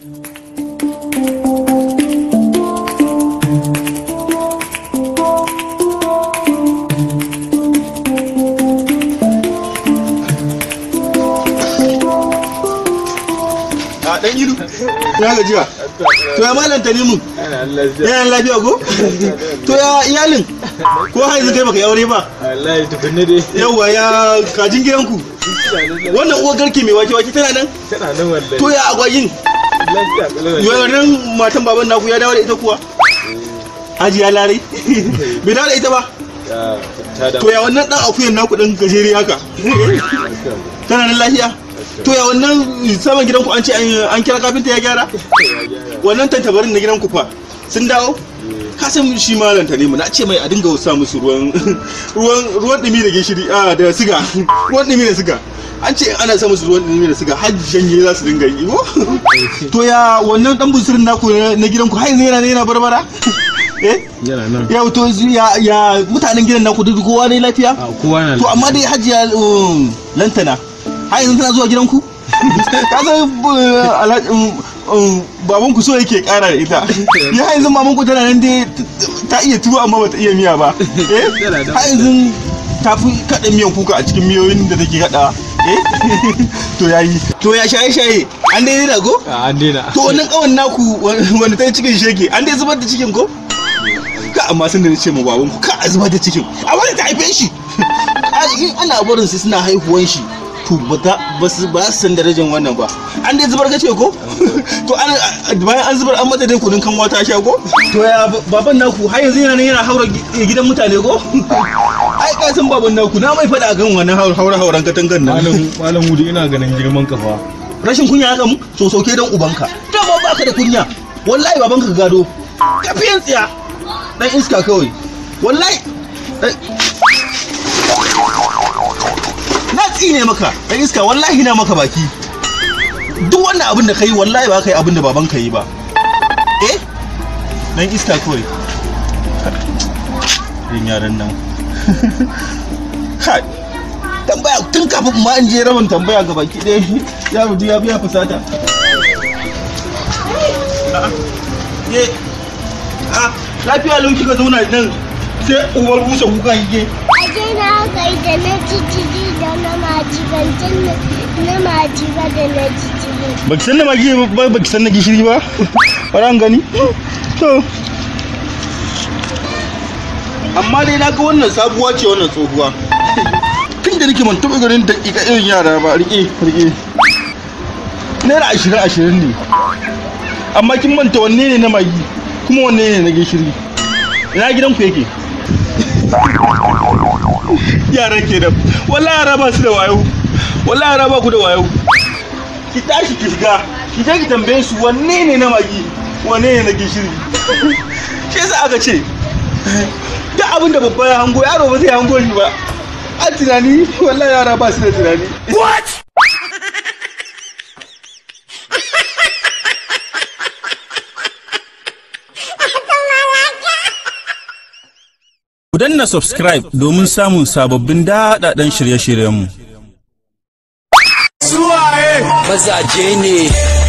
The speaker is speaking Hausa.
dan ido ya gajiya to ya malam ta nemu yana lafiya ko to ya iyalin ko har yanzu kai baka aure ba wallahi tukunne dai yawa ya kajin gidanku wannan uwa garki mai wake wake tana nan tana nan wallahi to ya agwagin wannan matan baban naku ya dawo da ita kuwa hajiya larai bai dawo da ita ba to ya wannan dan akuyan naku dan gajeri haka tana nan lafiya to ya wannan saman gidanku an ce an kira kafinta ya gyara wannan tantabarin na gidanku fa sun dawo ka san shi malam ta nemi na ce mai a dinga sa musu ruwan ruwan ruwan dumi da gishiri a ah, da siga ruwan dumi da siga an ce ana sa musu ruwan dumi da siga har janye za su dinga yi to ya wannan dan busirin naku na gidan ku har yana yana barbara eh? yana nan ya to ya ya mutanen gidan naku duk kowa ne lafiya kowa na to amma dai hajiya um, lantana har yanzu tana zuwa gidan ku ka san um, um, Oh, babanku so yake kara da ita ya yanzu Babanku tana nan dai ta iya tuwo amma bata iya miya ba eh ha yanzu ta fi kada miyan kuka a cikin miyoyin da take kada eh to yayi to ya shaye shaye an dai daina go? an na to wannan kawan naku wanda ta cikin shege an dai zubar da cikin ko ka amma sun da na ce ma Babanku ka a zubar da cikin a wani ta haife shi ana barin su suna haihuwan shi to ba su ba san darajar wannan ba an dai zubar gace ko to an bayan an zubar an mata dai kudin kan wata sha ko to ya baban naku har yanzu yana yana haura gidan mutane ko ai ka san baban naku na mai fada kan wannan haura hauran katangan nan malam malam wudi ina ganin girman kafa rashin kunya haka mu so sauke dan ubanka to ba baka da kunya wallahi babanka gado kafiyan tsiya dan iska kawai wallahi na tsine maka dan iska wallahi na maka baki duk wannan abin da kai wallahi ba kai abin da baban ka yi ba eh dan iska kawai rin yaran nan kai tambaya tun kafin ma in je rabin tambaya ga baki ɗaya ya rudu ya biya fusata ye a lafiya lau kika zauna nan sai uwar busa kuka yake Waje na aka da na jijjigi da na maji ban san na maji ba da na jijjigi. Ba ki san na maji ba ba ki san na gishiri ba? Bara an gani? To. Amma dai na ga wannan sabuwa ce wannan tsohuwa. Kin da nake man taɓa garin daƙiƙa irin yara ba riƙe riƙe. Naira ashirin ashirin ne. Amma kin manta wanne ne na magi kuma wanne ne na gishiri. Ina gidan gidanku yake? yaran kenan wallahi raba su da wayo wallahi raba ku da wayo ki tashi ki shiga ki je ki tambaye su wanne ne na magi wanne ne na gishiri shi yasa aka ce da abin da babba ya hango yaro ba zai hango shi ba a tunani wallahi yara ba su da tunani what na subscribe domin samun sababbin daɗaɗɗen shirye-shiryenmu. Suwaye! Mazaje ne!